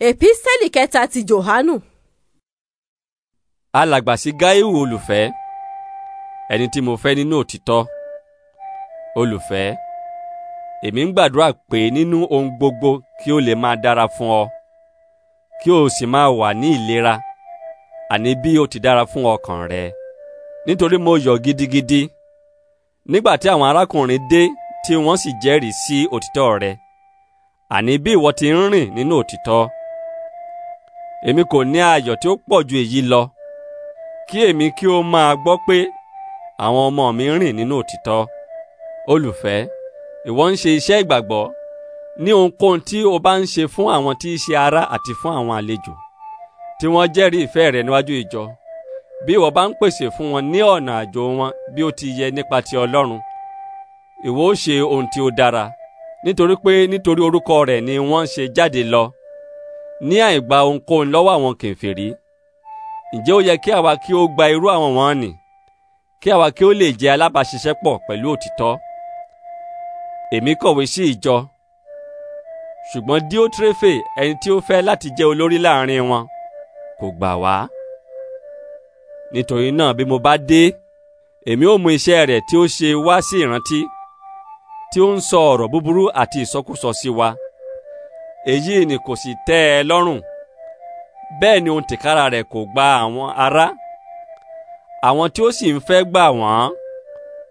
èpísẹ́lì kẹta ti jòhánù. alàgbà sí gáíhù olùfẹ́ ẹni tí mo fẹ́ nínú òtítọ́ olùfẹ́ èmi ń gbàdúrà pé nínú ohun gbogbo kí o lè máa dára fún ọ kí o sì máa wà ní ìlera àní bí o ti dára fún ọkàn rẹ nítorí mo yọ̀ gidigidi nígbà tí àwọn arákùnrin dé tí wọ́n sì jẹ́rìí sí òtítọ́ rẹ àní bí ìwọ ti ń rìn nínú òtítọ́ èmi kò ní ayọ̀ tí ó pọ̀ ju èyí lọ kí èmi kí ó máa gbọ́ pé àwọn ọmọ mi rìn nínú òtítọ́ olùfẹ́ ìwọ ń ṣe iṣẹ́ ìgbàgbọ́ ní ohunkóhun tí o bá ń ṣe fún àwọn tí í ṣe ará àti fún àwọn àlejò tí wọ́n jẹ́rìí ìfẹ́ rẹ níwájú ìjọ bí ìwọ bá ń pèsè fún wọn ní ọ̀nà àjò wọn bí ó ti yẹ nípa ti Ọlọ́run ìwọ ó ṣe ohun tí ó dára nítorí pé nítorí orúkọ rẹ̀ ni wọ́n ṣe jáde lọ ní àìgba ohunkóhun lọ́wọ́ àwọn kèfèrí ǹjẹ́ ó yẹ kí àwa kí ó gba irú àwọn wọn nì kí àwa kí ó lè jẹ́ alábàáṣiṣẹ́pọ̀ pẹ̀lú òtítọ́ èmi kọ̀wé sí ìjọ ṣùgbọ́n Diotrefe ẹni tí ó fẹ́ láti jẹ́ olórí láàrin wọn kò gbà wá nítorí náà bí mo bá dé èmi ó mú iṣẹ́ rẹ̀ tí ó ṣe wá sí ìrántí tí ó ń sọ ọ̀rọ̀ búburú àti ìsọkúsọ sí wa èyí ni kò sì tẹ́ ẹ lọ́rùn bẹ́ẹ̀ ni ohun tìkára rẹ̀ kò gba àwọn ará àwọn tí ó sì ń fẹ́ gbà wọ́n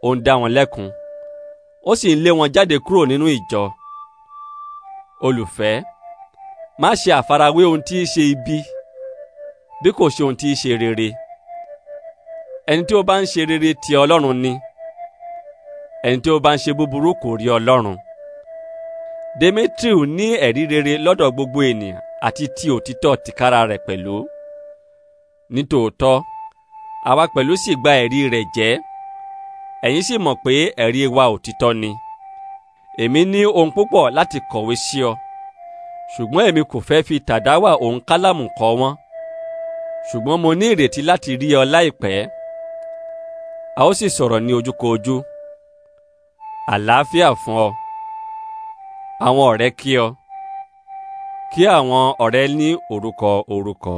ó ń dá wọn lẹ́kun ó sì ń lé wọn jáde kúrò nínú ìjọ olùfẹ́ má ṣe àfarawé ohun tí í ṣe ibi bí kò ṣe ohun tí í ṣe rere ẹni tí ó bá ń ṣe rere ti Ọlọ́run ni ẹni tí ó bá ń ṣe búburú kò rí Ọlọ́run demetriu ní ẹ̀rí rere lọ́dọ̀ gbogbo ènìyàn àti ti òtítọ́ tìkára rẹ̀ pẹ̀lú nítòótọ́ àwa pẹ̀lú sì gba ẹ̀rí rẹ̀ jẹ́ ẹ̀yin sì mọ̀ pé ẹ̀rí wa òtítọ́ ni èmi ní ohun púpọ̀ láti kọ̀wé sí ọ ṣùgbọ́n èmi kò fẹ́ fi tàdáwà òun kálámù kọ wọ́n ṣùgbọ́n mo ní ìrètí láti rí ọ láìpẹ́ a ó sì sọ̀rọ̀ ní ojúkoojú àlàáfíà fún ọ àwọn ọ̀rẹ́ kí ọ kí àwọn ọ̀rẹ́ ní orúkọ orúkọ.